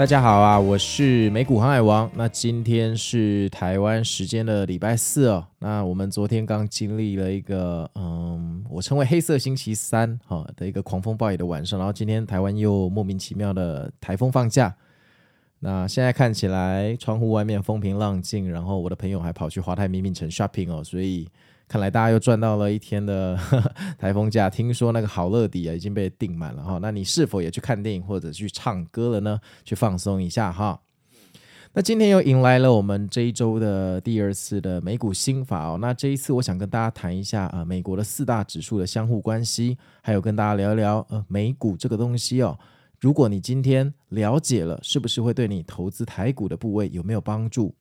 大家好啊，我是美股航海王。那今天是台灣時間的禮拜四哦。那我們昨天剛經歷了一個，嗯，我稱為黑色星期三哈的一個狂風暴雨的晚上。然後今天台灣又莫名其妙的台風放假。那現在看起來窗戶外面風平浪靜，然後我的朋友還跑去華泰名品城 shopping 哦，所以。看來大家又賺到了一天的呵呵台風假，聽說那個好樂迪啊已經被訂滿了哈，那你是否也去看電影或者去唱歌了呢？去放鬆一下哈。那今天又迎來了我們這一周的第二次的美股心法哦。那這一次我想跟大家談一下啊，美國的四大指數的相互關係，還有跟大家聊一聊呃美股這個東西哦。如果你今天了解了，是不是會對你投資台股的部位有沒有幫助？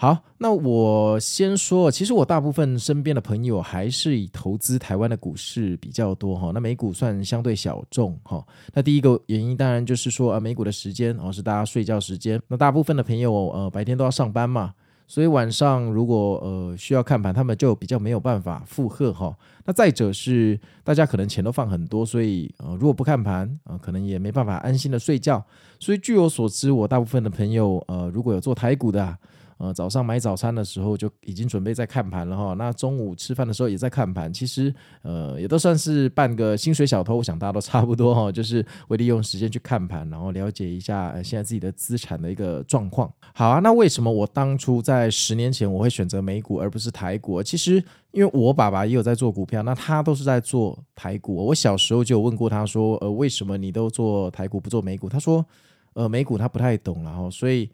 好，那我先說，其實我大部分身邊的朋友還是以投資台灣的股市比較多哈，那美股算相對小眾哈。那第一個原因當然就是說，呃，美股的時間哦是大家睡覺時間，那大部分的朋友呃白天都要上班嘛，所以晚上如果呃需要看盤，他們就比較沒有辦法負荷哈。那再者是大家可能錢都放很多，所以呃如果不看盤啊，可能也沒辦法安心的睡覺。所以據我所知，我大部分的朋友呃如果有做台股的。呃，早上買早餐的時候就已經準備在看盤了哈。那中午吃飯的時候也在看盤，其實呃也都算是半個薪水小偷，我想大家都差不多哈，就是會利用時間去看盤，然後了解一下，呃，現在自己的資產的一個狀況。好啊，那為什麼我當初在十年前我會選擇美股而不是台股？其實因為我爸爸也有在做股票，那他都是在做台股。我小時候就有問過他說，呃，為什麼你都做台股不做美股？他說，呃，美股他不太懂了哈，所以。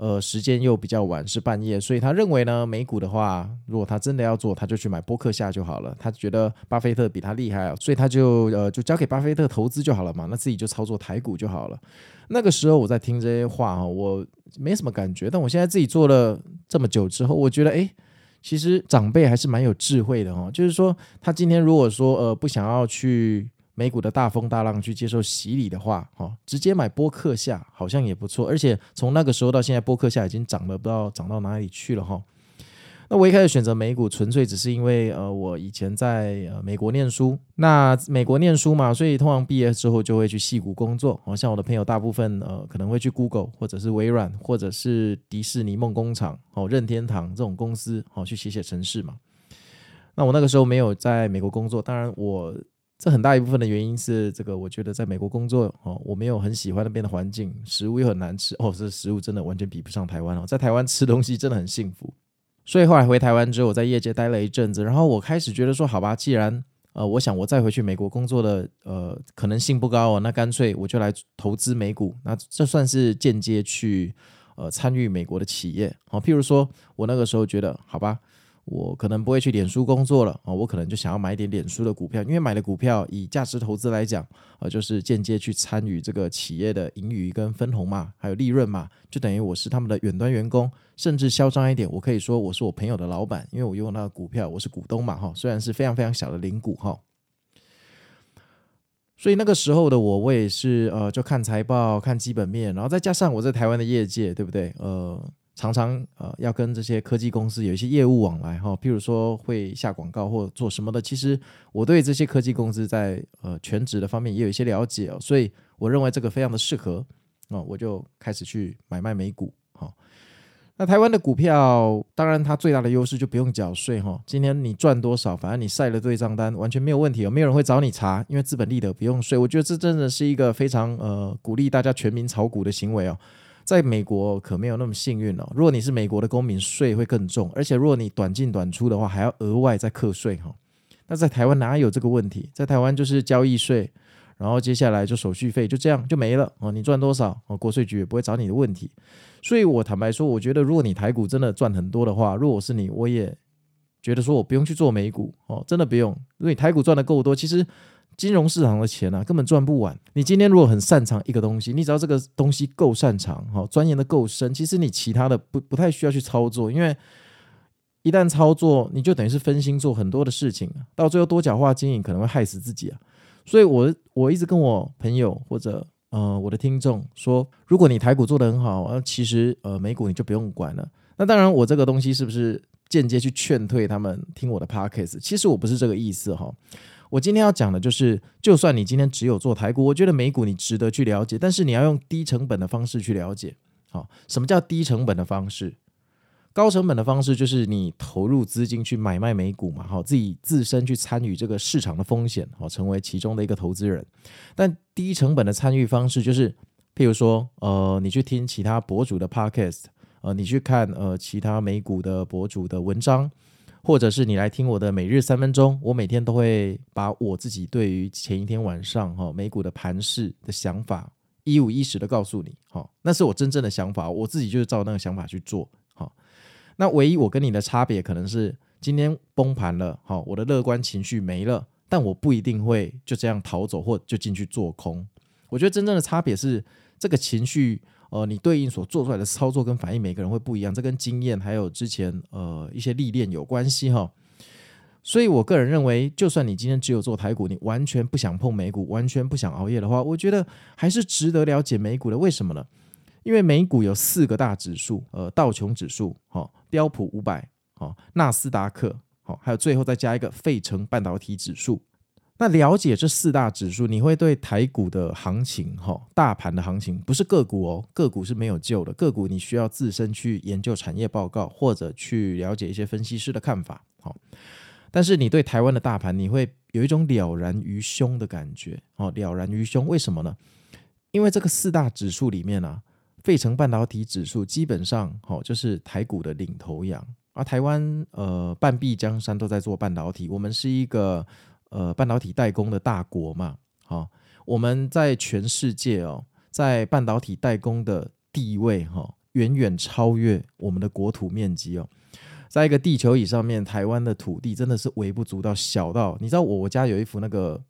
呃，時間又比較晚，是半夜，所以他認為呢，美股的話，如果他真的要做，他就去買波克夏就好了。他覺得巴菲特比他厲害，所以他就呃就交給巴菲特投資就好了嘛，那自己就操作台股就好了。那個時候我在聽這些話，我沒什麼感覺，但我現在自己做了這麼久之後，我覺得哎、欸，其實長輩還是蠻有智慧的哦。就是說他今天如果說呃不想要去。美股的大風大浪去接受洗禮的話，哦，直接買波克夏好像也不錯。而且從那個時候到現在，波克夏已經漲了，不知道漲到哪裡去了哈。那我一開始選擇美股，純粹只是因為呃，我以前在美國念書。那美國念書嘛，所以通常畢業之後就會去矽谷工作。好像我的朋友大部分呃可能會去 Google 或者是微軟或者是迪士尼夢工廠好任天堂這種公司好去寫寫程式嘛。那我那個時候沒有在美國工作，當然我。這很大一部分的原因是，這個我覺得在美國工作哦，我沒有很喜歡那邊的環境，食物又很難吃哦，這食物真的完全比不上台灣哦，在台灣吃東西真的很幸福，所以後來回台灣之後，我在業界待了一陣子，然後我開始覺得說，好吧，既然呃，我想我再回去美國工作的呃可能性不高哦，那乾脆我就來投資美股，那這算是間接去呃參與美國的企業，好，哦，譬如說我那個時候覺得，好吧。我可能不會去臉書工作了啊、哦，我可能就想要買一點臉書的股票，因為買的股票以價值投資來講啊、呃，就是間接去參與這個企業的盈餘跟分紅嘛，還有利潤嘛，就等於我是他們的遠端員工，甚至囂張一點，我可以說我是我朋友的老板，因為我用那個股票，我是股東嘛哈，雖然是非常非常小的零股哈、哦，所以那個時候的我，我也是呃，就看財報、看基本面，然後再加上我在台灣的業界，對不對？呃。常常呃要跟這些科技公司有一些業務往來哈、哦，譬如說會下廣告或做什麼的。其實我對這些科技公司在呃全職的方面也有一些了解、哦、所以我認為這個非常的適合，那、哦、我就開始去買賣美股哈、哦。那台灣的股票，當然它最大的優勢就不用繳稅哈、哦。今天你賺多少，反正你曬了對賬單完全沒有問題，有、哦、沒有人會找你查。因為資本利得不用稅，我覺得這真的是一個非常呃鼓勵大家全民炒股的行為哦。在美國可沒有那麼幸運了、哦。如果你是美國的公民，稅會更重，而且如果你短進短出的話，還要額外再課稅哈。那在台灣哪有這個問題？在台灣就是交易稅，然後接下來就手續費，就這樣就沒了哦。你賺多少哦，國稅局也不會找你的問題。所以我坦白說，我覺得如果你台股真的賺很多的話，如果我是你，我也覺得說我不用去做美股哦，真的不用。因為你台股賺的夠多，其實。金融市場的錢啊，根本賺不完。你今天如果很擅長一個東西，你只要這個東西夠擅長，好、哦、鑽研的夠深，其實你其他的不不太需要去操作，因為一旦操作，你就等於是分心做很多的事情，到最後多角化經營可能會害死自己啊。所以我，我我一直跟我朋友或者呃我的聽眾說，如果你台股做得很好，啊、其實呃美股你就不用管了。那當然，我這個東西是不是間接去勸退他們聽我的 podcast？其實我不是這個意思哈。哦我今天要講的就是，就算你今天只有做台股，我覺得美股你值得去了解，但是你要用低成本的方式去了解。好，什麼叫低成本的方式？高成本的方式就是你投入資金去買賣美股嘛，好，自己自身去參與這個市場的風險，好，成為其中的一個投資人。但低成本的參與方式就是，譬如說，呃，你去聽其他博主的 podcast，呃，你去看呃其他美股的博主的文章。或者是你來聽我的每日三分鐘，我每天都會把我自己對於前一天晚上哈美股的盤勢的想法一五一十的告訴你，哈，那是我真正的想法，我自己就是照那個想法去做，哈。那唯一我跟你的差別可能是今天崩盤了，哈，我的樂觀情緒沒了，但我不一定會就這樣逃走或就進去做空。我覺得真正的差別是這個情緒。哦、呃，你對應所做出來的操作跟反應，每個人會不一樣，這跟經驗還有之前呃一些歷練有關係哈、哦。所以我個人認為，就算你今天只有做台股，你完全不想碰美股，完全不想熬夜的話，我覺得還是值得了解美股的。為什麼呢？因為美股有四個大指數，呃，道瓊指數、好、哦、標普五百、哦、好納斯達克、好、哦，還有最後再加一個費城半導體指數。那了解這四大指數，你會對台股的行情，吼，大盤的行情，不是個股哦，個股是沒有救的，個股你需要自身去研究產業報告或者去了解一些分析師的看法，好，但是你對台灣的大盤，你會有一種了然於胸的感覺，好，了然於胸，為什麼呢？因為這個四大指數裡面啊，費城半導體指數基本上，好，就是台股的領頭羊而、啊、台灣呃，半壁江山都在做半導體，我們是一個。呃，半導體代工的大國嘛，好、哦，我們在全世界哦，在半導體代工的地位哈、哦，遠遠超越我們的國土面積哦，在一個地球儀上面，台灣的土地真的是微不足道，小到你知道我我家有一幅那個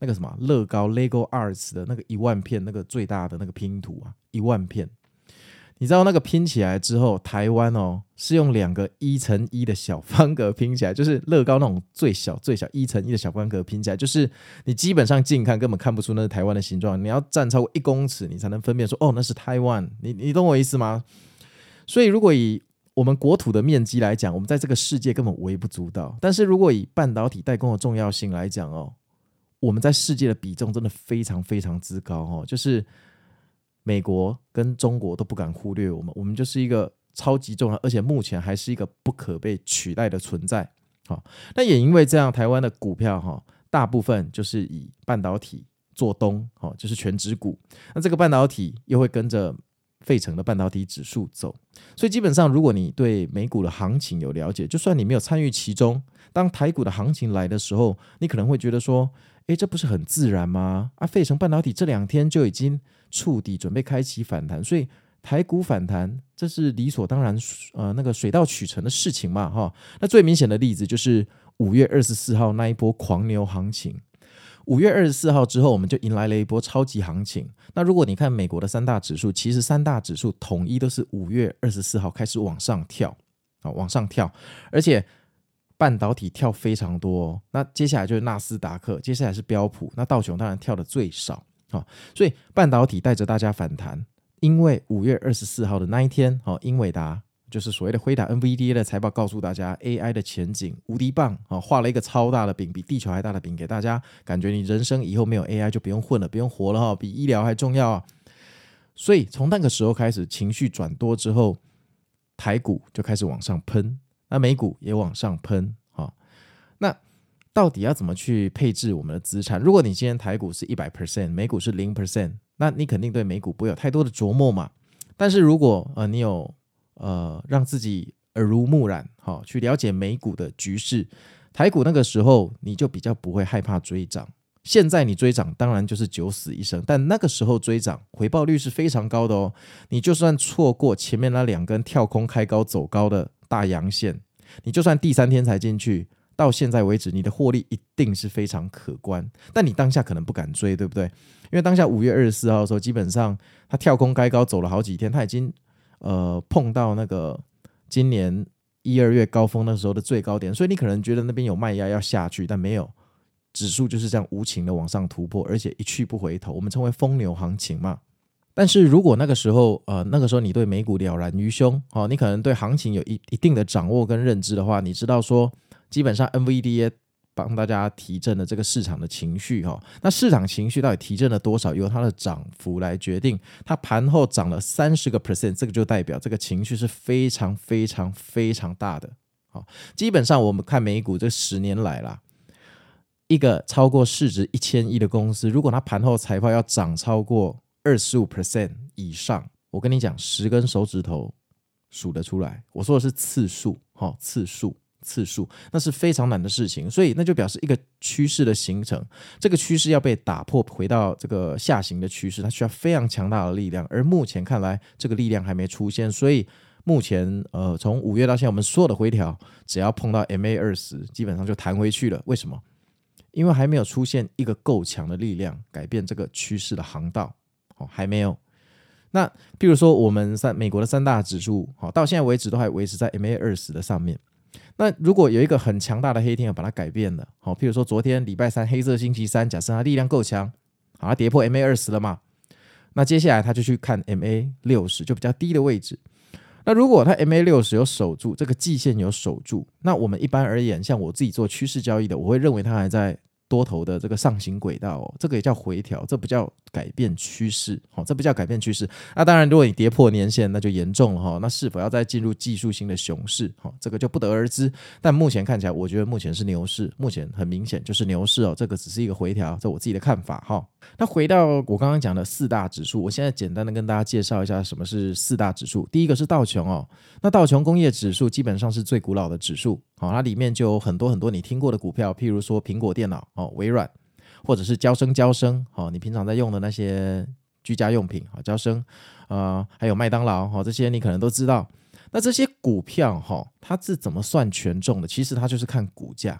那個什麼樂高 Lego Arts 的那個一萬片那個最大的那個拼圖啊，一萬片。你知道那個拼起來之後，台灣哦，是用兩個一乘一的小方格拼起來，就是樂高那種最小最小一乘一的小方格拼起來，就是你基本上近看根本看不出那是台灣的形狀，你要站超過一公尺，你才能分辨說哦，那是台灣。你你懂我意思嗎？所以如果以我們國土的面積來講，我們在這個世界根本微不足道。但是如果以半導體代工的重要性來講哦，我們在世界的比重真的非常非常之高哦，就是。美國跟中國都不敢忽略我們，我們就是一個超級重要，而且目前還是一個不可被取代的存在。好、哦，那也因為這樣，台灣的股票哈、哦，大部分就是以半導體做東，好、哦，就是權值股。那這個半導體又會跟着費城的半導體指數走，所以基本上，如果你對美股的行情有了解，就算你沒有參與其中，當台股的行情來的時候，你可能會覺得說，誒，這不是很自然嗎？啊，費城半導體這兩天就已經。觸底準備開啟反彈，所以台股反彈這是理所當然，呃，那個水到渠成的事情嘛，哈、哦。那最明顯的例子就是五月二十四號那一波狂牛行情。五月二十四號之後，我們就迎來了一波超級行情。那如果你看美國的三大指數，其實三大指數統一都是五月二十四號開始往上跳，啊、哦，往上跳，而且半導體跳非常多、哦。那接下來就是納斯達克，接下來是標普，那道瓊當然跳的最少。好、哦，所以半導體帶着大家反彈，因為五月二十四號的那一天，好、哦，英偉達就是所謂的輝達 NVDA 的財報告訴大家 AI 的前景無敵棒，啊、哦，畫了一個超大的餅，比地球還大的餅給大家，感覺你人生以後沒有 AI 就不用混了，不用活了哈、哦，比醫療還重要啊。所以從那個時候開始，情緒轉多之後，台股就開始往上噴，那美股也往上噴，好、哦，那。到底要怎麼去配置我們的資產？如果你今天台股是一百 percent，美股是零 percent，那你肯定對美股不會有太多的琢磨嘛。但是，如果呃你有呃讓自己耳濡目染，哈、哦，去了解美股的局勢，台股那個時候你就比較不會害怕追漲。現在你追漲，當然就是九死一生。但那個時候追漲回報率是非常高的哦。你就算錯過前面那兩根跳空開高走高的大陽線，你就算第三天才進去。到現在為止，你的獲利一定是非常可觀，但你當下可能不敢追，對不對？因為當下五月二十四號的時候，基本上它跳空開高走了好幾天，它已經呃碰到那個今年一二月高峰那時候的最高點，所以你可能覺得那邊有賣壓要下去，但沒有，指數就是這樣無情的往上突破，而且一去不回頭，我們稱為瘋牛行情嘛。但是如果那個時候呃那個時候你對美股了然於胸哦，你可能對行情有一一定的掌握跟認知的話，你知道說。基本上 NVDA 幫大家提振了這個市場的情緒哈。那市場情緒到底提振了多少？由它的漲幅來決定。它盤後漲了三十個 percent，這個就代表這個情緒是非常非常非常大的。基本上我們看美股這十年來了，一個超過市值一千億的公司，如果它盤後財報要漲超過二十五 percent 以上，我跟你講，十根手指頭數得出來。我說的是次數，哈，次數。次數那是非常難的事情，所以那就表示一個趨勢的形成，這個趨勢要被打破，回到這個下行的趨勢，它需要非常強大的力量，而目前看來，這個力量還沒出現，所以目前呃，從五月到現在，我們所有的回調，只要碰到 MA 二十，基本上就彈回去了。為什麼？因為還沒有出現一個夠強的力量改變這個趨勢的航道，哦，還沒有。那比如說我們三美國的三大指數，好，哦，到現在為止都還維持在 MA 二十的上面。那如果有一個很強大的黑天鵝，啊，把它改變了，好，譬如說昨天禮拜三黑色星期三，假設它力量夠強，好，它跌破 MA 二十了嘛，那接下來它就去看 MA 六十，就比較低的位置。那如果它 MA 六十有守住，這個季線有守住，那我們一般而言，像我自己做趨勢交易的，我會認為它還在。多頭的這個上行軌道，哦，這個也叫回調，這不叫改變趨勢，好，哦，這不叫改變趨勢。那當然，如果你跌破年線，那就嚴重了哈，哦。那是否要再進入技術性的熊市，哈，哦，這個就不得而知。但目前看起來，我覺得目前是牛市，目前很明顯就是牛市哦。這個只是一個回調，這是我自己的看法哈，哦。那回到我剛剛講的四大指數，我現在簡單的跟大家介紹一下什麼是四大指數。第一個是道瓊哦，那道瓊工業指數基本上是最古老的指數，好、哦，它裡面就有很多很多你聽過的股票，譬如說蘋果電腦哦，微軟，或者是嬌生，嬌生好、哦，你平常在用的那些居家用品好，嬌、哦、生啊、呃，還有麥當勞好、哦，這些你可能都知道。那這些股票哈、哦，它是怎麼算權重的？其實它就是看股價，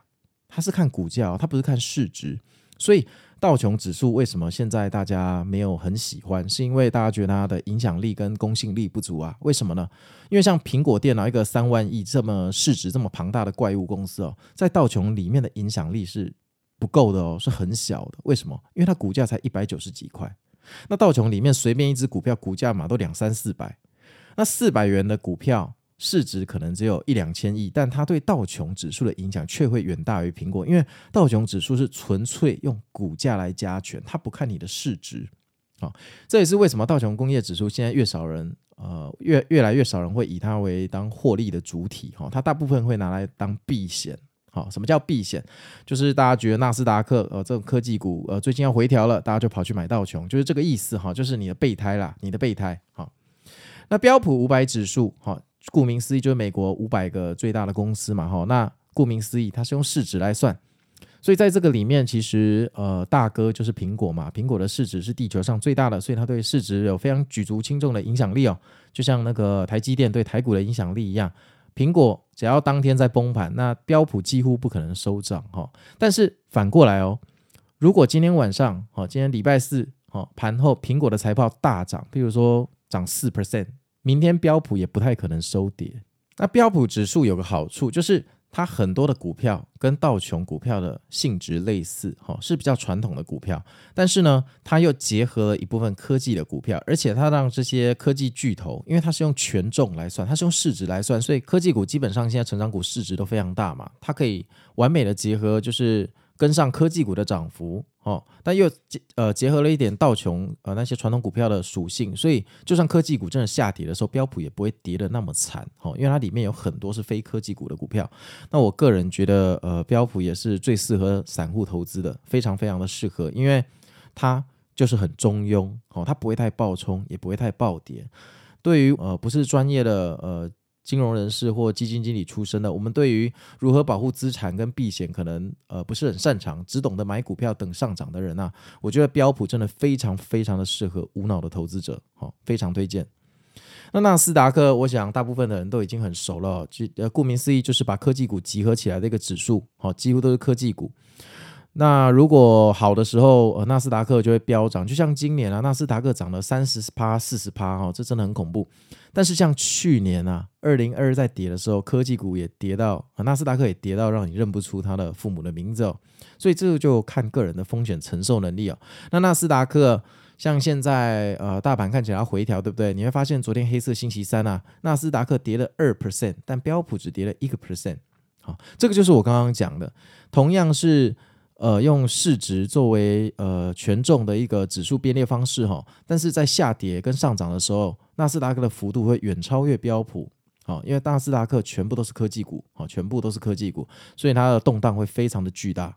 它是看股價，它不是看市值，所以。道瓊指數為什麼現在大家沒有很喜歡？是因為大家覺得它的影響力跟公信力不足啊。為什麼呢？因為像蘋果電腦啊，一個三萬億這麼市值這麼龐大的怪物公司哦，在道瓊裡面的影響力是不夠的哦，是很小的。為什麼？因為它股價才一百九十幾塊，那道瓊裡面隨便一只股票股價嘛都兩三四百，那四百元的股票，市值可能只有一兩千億，但它對道瓊指數的影響卻會遠大於蘋果，因為道瓊指數是純粹用股價來加權，它不看你的市值好、哦，這也是為什麼道瓊工業指數現在越少人呃越越來越少人會以它為當獲利的主體好、哦，它大部分會拿來當避險。好、哦，什麼叫避險？就是大家覺得納斯達克呃這種科技股呃最近要回調了，大家就跑去買道瓊，就是這個意思哈、哦，就是你的備胎啦，你的備胎。好、哦，那標普五百指數、哦顧名思義，就是美國五百個最大的公司嘛，哈。那顧名思義，它是用市值來算，所以在這個裡面，其實呃，大哥就是蘋果嘛。蘋果的市值是地球上最大的，所以它對市值有非常舉足輕重的影響力哦。就像那個台積電對台股的影響力一樣，蘋果只要當天在崩盤，那標普幾乎不可能收漲，哈。但是反過來哦，如果今天晚上，哦，今天禮拜四，哦，盤後蘋果的財報大漲，比如說漲四 percent。明天標普也不太可能收跌。那標普指數有個好處，就是它很多的股票跟道瓊股票的性質類似，哈，是比較傳統的股票。但是呢，它又結合了一部分科技的股票，而且它讓這些科技巨頭，因為它是用權重來算，它是用市值來算，所以科技股基本上現在成長股市值都非常大嘛，它可以完美的結合，就是。跟上科技股的漲幅哦，但又結呃結合了一點道瓊呃那些傳統股票的屬性，所以就算科技股真的下跌的時候，標普也不會跌得那麼慘哦，因為它裡面有很多是非科技股的股票。那我個人覺得呃標普也是最適合散戶投資的，非常非常的適合，因為它就是很中庸哦，它不會太暴衝，也不會太暴跌。對於呃不是專業的呃。金融人士或基金經理出身的，我們對於如何保護資產跟避險可能呃不是很擅長，只懂得買股票等上漲的人吶、啊，我覺得標普真的非常非常的適合無腦的投資者，好、哦，非常推薦。那納斯達克，我想大部分的人都已經很熟了，就呃顧名思義就是把科技股集合起來的一個指數，好、哦，幾乎都是科技股。那如果好的時候，呃納斯達克就會飆漲，就像今年啊，納斯達克漲了三十趴、四十趴哦，這真的很恐怖。但是像去年啊，二零二二在跌的時候，科技股也跌到，納斯達克也跌到，讓你認不出他的父母的名字哦。所以這個就看個人的風險承受能力哦。那納斯達克像現在呃，大盤看起來要回調，對不對？你會發現昨天黑色星期三啊，納斯達克跌了二 percent，但標普只跌了一個 percent。好，哦，這個就是我剛剛講的，同樣是。呃，用市值作為呃權重的一個指數編列方式哈，但是在下跌跟上漲的時候，納斯達克的幅度會遠超越標普，好，因為納斯達克全部都是科技股，好，全部都是科技股，所以它的動盪會非常的巨大。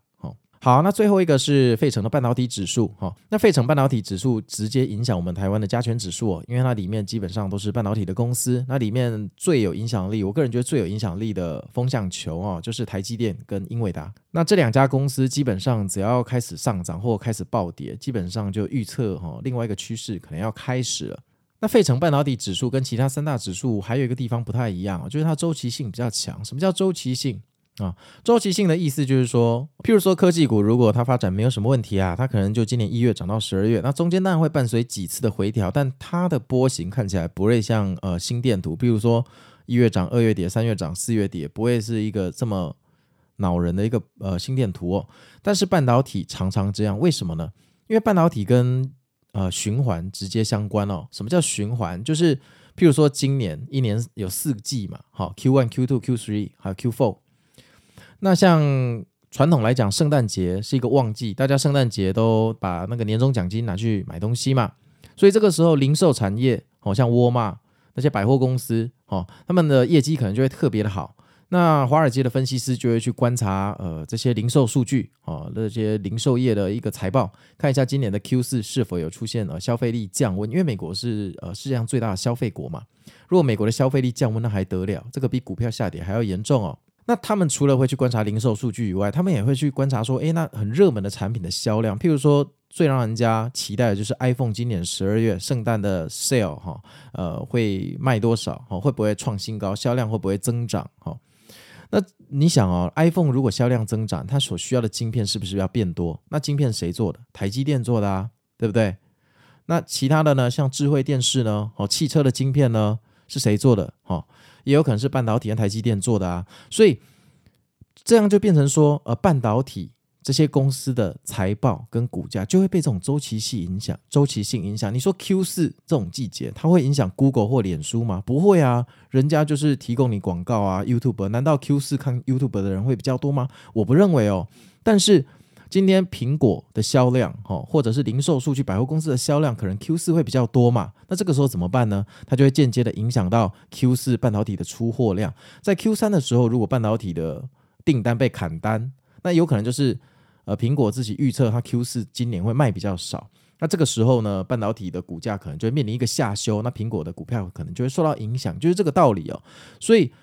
好，那最後一個是費城的半導體指數哈。那費城半導體指數直接影響我們台灣的加權指數哦，因為它裡面基本上都是半導體的公司。那裡面最有影響力，我個人覺得最有影響力的風向球啊，就是台積電跟英偉達。那這兩家公司基本上只要開始上漲或開始暴跌，基本上就預測哈，另外一個趨勢可能要開始了。那費城半導體指數跟其他三大指數還有一個地方不太一樣，就是它週期性比較強。什麼叫週期性？啊、哦，週期性的意思就是說，譬如說科技股，如果它發展沒有什麼問題啊，它可能就今年一月漲到十二月，那中間當然會伴隨幾次的回調，但它的波形看起來不會像呃心電圖，譬如說一月漲、二月跌、三月漲、四月跌，不會是一個這麼惱人的一個呃心電圖哦。但是半導體常常這樣，為什麼呢？因為半導體跟呃循環直接相關哦。什麼叫循環？就是譬如說今年一年有四季嘛，好，Q one、Q two、Q three 還有 Q four。那像傳統來講，聖誕節是一個旺季，大家聖誕節都把那個年終獎金拿去買東西嘛，所以這個時候零售產業，好、哦、像沃爾瑪那些百貨公司，哦，他們的業績可能就會特別的好。那華爾街的分析師就會去觀察，呃，這些零售數據，啊、哦，那些零售業的一個財報，看一下今年的 Q4 是否有出現呃消費力降溫，因為美國是呃世界上最大的消費國嘛。如果美國的消費力降溫，那還得了？這個比股票下跌還要嚴重哦。那他們除了會去觀察零售數據以外，他們也會去觀察說，哎、欸，那很熱門的產品的銷量，譬如說最讓人家期待的就是 iPhone 今年十二月聖誕的 sale 哈、哦，呃，會賣多少？哦，會不會創新高？銷量會不會增長？哈、哦，那你想哦，iPhone 如果銷量增長，它所需要的晶片是不是要變多？那晶片誰做的？台積電做的啊，對不對？那其他的呢？像智慧電視呢？哦，汽車的晶片呢？是誰做的？哈、哦，也有可能是半導體跟台積電做的啊。所以這樣就變成說，呃，半導體這些公司的財報跟股價就會被這種周期性影響、周期性影響。你說 Q 四這種季節，它會影響 Google 或臉書嗎？不會啊，人家就是提供你廣告啊，YouTube。難道 Q 四看 YouTube 的人會比較多嗎？我不認為哦。但是。今天蘋果的銷量哈或者是零售數據，百貨公司的銷量，可能 Q 四會比較多嘛？那這個時候怎麼辦呢？它就會間接的影響到 Q 四半導體的出貨量。在 Q 三的時候，如果半導體的訂單被砍單，那有可能就是呃，蘋果自己預測它 Q 四今年會賣比較少。那這個時候呢，半導體的股價可能就會面臨一個下修，那蘋果的股票可能就會受到影響，就是這個道理哦。所以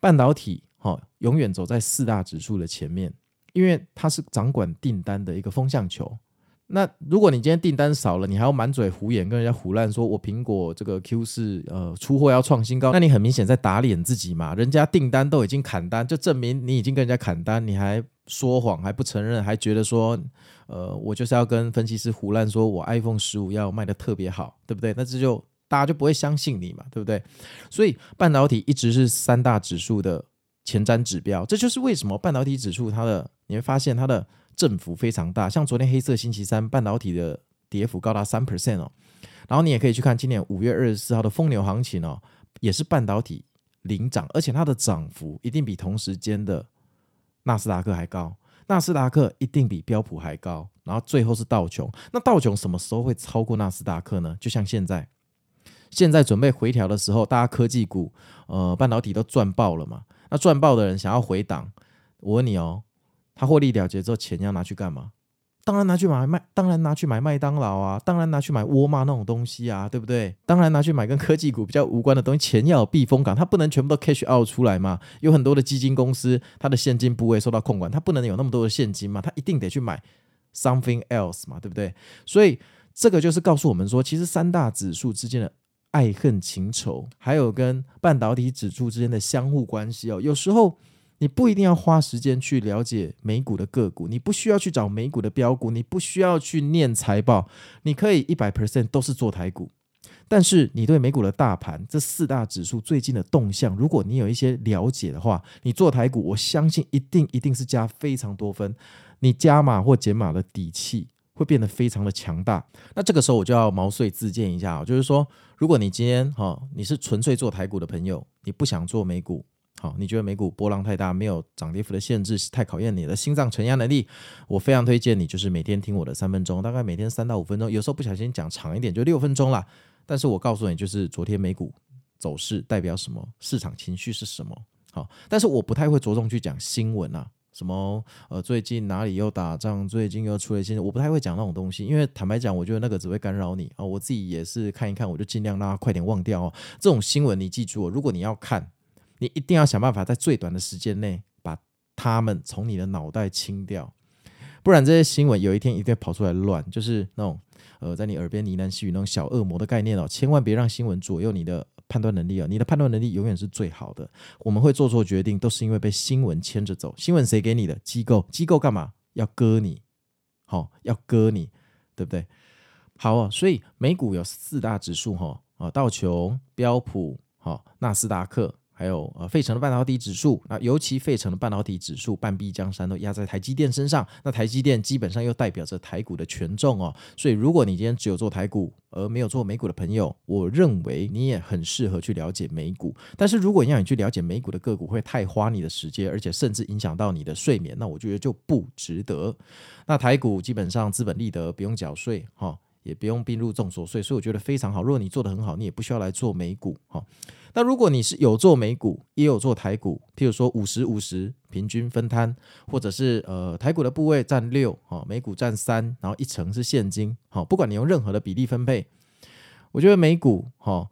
半導體哈、哦，永遠走在四大指數的前面。因為它是掌管訂單的一個風向球，那如果你今天訂單少了，你還要滿嘴胡言跟人家唬爛說，我蘋果這個 Q 四呃出貨要創新高，那你很明顯在打臉自己嘛，人家訂單都已經砍單，就證明你已經跟人家砍單，你還說謊還不承認，還覺得說，呃，我就是要跟分析師唬爛說，我 iPhone 十五要賣得特別好，對不對？那這就大家就不會相信你嘛，對不對？所以半導體一直是三大指數的前瞻指標，這就是為什麼半導體指數它的，你會發現它的振幅非常大，像昨天黑色星期三，半導體的跌幅高達三 percent 哦。然後你也可以去看今年五月二十四號的瘋牛行情哦，也是半導體領漲，而且它的漲幅一定比同時間的納斯達克還高，納斯達克一定比標普還高。然後最後是道瓊，那道瓊什麼時候會超過納斯達克呢？就像現在，現在準備回調的時候，大家科技股呃，半導體都賺爆了嘛。那賺爆的人想要回檔，我問你哦，他獲利了結之後錢要拿去幹嘛？當然拿去買麥，當然拿去買麥當勞啊，當然拿去買沃爾瑪那種東西啊，對不對？當然拿去買跟科技股比較無關的東西，錢要有避風港，他不能全部都 cash out 出來嘛。有很多的基金公司，它的現金部位受到控管，它不能有那麼多的現金嘛，它一定得去買 something else 嘛，對不對？所以這個就是告訴我們說，其實三大指數之間的。愛恨情仇，還有跟半導體指數之間的相互關係哦。有時候你不一定要花時間去了解美股的個股，你不需要去找美股的標股，你不需要去念財報，你可以一百 percent 都是做台股。但是你對美股的大盤這四大指數最近的動向，如果你有一些了解的話，你做台股，我相信一定一定是加非常多分，你加碼或減碼的底氣會變得非常的強大。那這個時候我就要毛遂自薦一下啊、哦，就是說，如果你今天哈、哦、你是純粹做台股的朋友，你不想做美股，好、哦，你覺得美股波浪太大，沒有漲跌幅的限制，太考驗你的心臟承壓能力，我非常推薦你，就是每天聽我的三分鐘，大概每天三到五分鐘，有時候不小心講長一點，就六分鐘啦。但是我告訴你，就是昨天美股走勢代表什麼，市場情緒是什麼，好、哦，但是我不太會着重去講新聞啊。什麼？呃，最近哪裡又打仗？最近又出了一些我不太會講那種東西，因為坦白講，我覺得那個只會干擾你啊，哦。我自己也是看一看，我就儘量讓它快點忘掉哦。這種新聞你記住哦，如果你要看，你一定要想辦法在最短的時間內把他們從你的腦袋清掉，不然這些新聞有一天一定會跑出來亂，就是那種呃，在你耳邊呢喃細語那種小惡魔的概念哦，千萬別讓新聞左右你的，判斷能力哦，你的判斷能力永遠是最好的。我們會做錯決定，都是因為被新聞牽着走。新聞誰給你的？機構？機構幹嘛？要割你，好、哦，要割你，對不對？好哦，所以美股有四大指數哈，啊、哦，道瓊、標普、哈、哦、納斯達克，還有呃，費城的半導體指數。那尤其費城的半導體指數，半壁江山都壓在台積電身上。那台積電基本上又代表着台股的權重哦。所以如果你今天只有做台股，而沒有做美股的朋友，我認為你也很適合去了解美股。但是如果要你去了解美股的個股，會太花你的時間，而且甚至影響到你的睡眠，那我覺得就不值得。那台股基本上資本利得不用繳稅，哈、哦。也不用併入綜所稅，所以我覺得非常好。如果你做得很好，你也不需要來做美股，哈、哦。那如果你是有做美股，也有做台股，譬如說五十五十平均分攤，或者是呃台股的部位占六，哦，哈美股占三，然後一成是現金，好、哦，不管你用任何的比例分配，我覺得美股，哈、哦，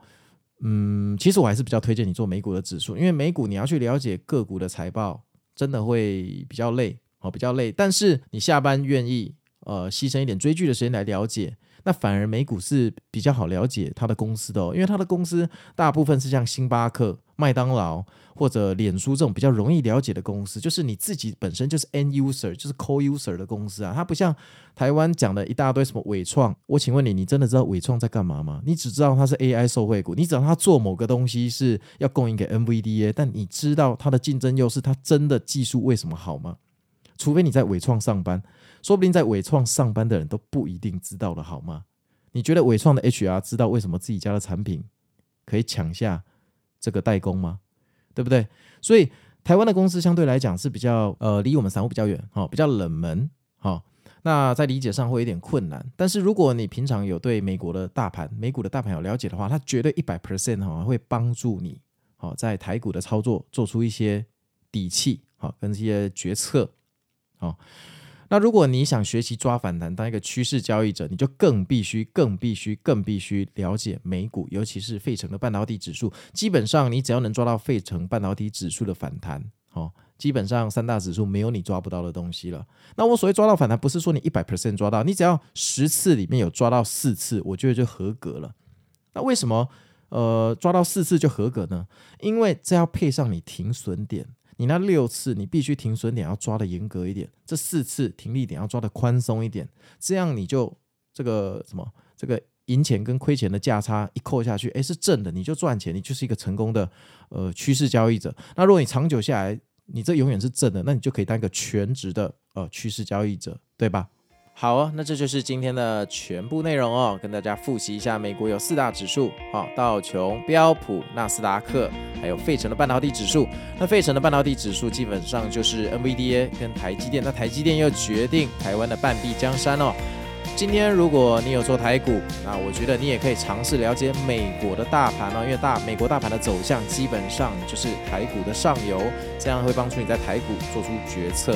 嗯，其實我還是比較推薦你做美股的指數，因為美股你要去了解個股的財報，真的會比較累，好、哦，比較累。但是你下班願意，呃，犧牲一點追劇的時間來了解。那反而美股是比較好了解它的公司的哦，因為它的公司大部分是像星巴克、麥當勞或者臉書這種比較容易了解的公司，就是你自己本身就是 end user 就是 co user 的公司啊，它不像台灣講的一大堆什麼緯創，我請問你，你真的知道緯創在幹嘛嗎？你只知道它是 AI 受惠股，你只要它做某個東西是要供應給 NVDA，但你知道它的競爭優勢，它真的技術為什麼好嗎？除非你在緯創上班。說不定在緯創上班的人都不一定知道的好嗎？你覺得緯創的 HR 知道為什麼自己家的產品可以搶下這個代工嗎？對不對？所以台灣的公司相對來講是比較呃離我們散戶比較遠哈、哦，比較冷門哈、哦。那在理解上會有點困難。但是如果你平常有對美國的大盤、美股的大盤有了解的話，它絕對一百 percent 哈會幫助你、哦、在台股的操作做出一些底氣、哦、跟一些決策啊。哦那如果你想學習抓反彈，當一個趨勢交易者，你就更必須、更必須、更必須了解美股，尤其是費城的半導體指數。基本上，你只要能抓到費城半導體指數的反彈，哦，基本上三大指數沒有你抓不到的東西了。那我所謂抓到反彈，不是說你一百 percent 抓到，你只要十次裡面有抓到四次，我覺得就合格了。那為什麼呃抓到四次就合格呢？因為這要配上你停損點。你那六次你必須停損點要抓的嚴格一點，這四次停利點要抓的寬鬆一點，這樣你就這個什麼這個贏錢跟虧錢的價差一扣下去，誒、欸，是正的，你就賺錢，你就是一個成功的呃趨勢交易者。那如果你長久下來，你這永遠是正的，那你就可以當一個全職的呃趨勢交易者，對吧？好哦，那這就是今天的全部內容哦，跟大家復習一下，美國有四大指數，哦，道瓊、標普、納斯達克，還有費城的半導體指數。那費城的半導體指數基本上就是 NVDA 跟台積電，那台積電又決定台灣的半壁江山哦。今天如果你有做台股，那我覺得你也可以嘗試了解美國的大盤哦，因為大，美國大盤的走向基本上就是台股的上游，這樣會幫助你在台股做出決策。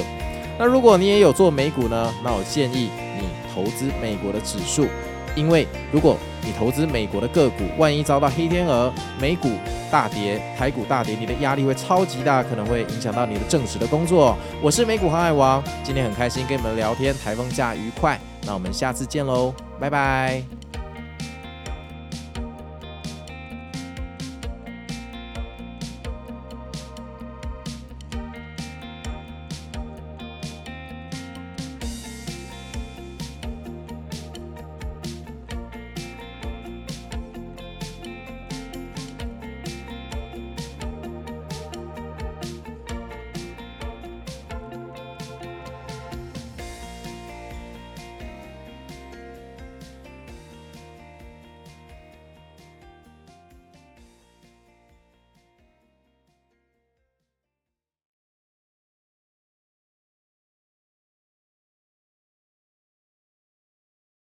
那如果你也有做美股呢？那我建議你投資美國的指數，因為如果你投資美國的個股，萬一遭到黑天鵝，美股大跌，台股大跌，你的壓力會超級大，可能會影響到你的正職的工作。我是美股航海王，今天很開心跟你們聊天，台風假愉快，那我們下次見嘍，拜拜。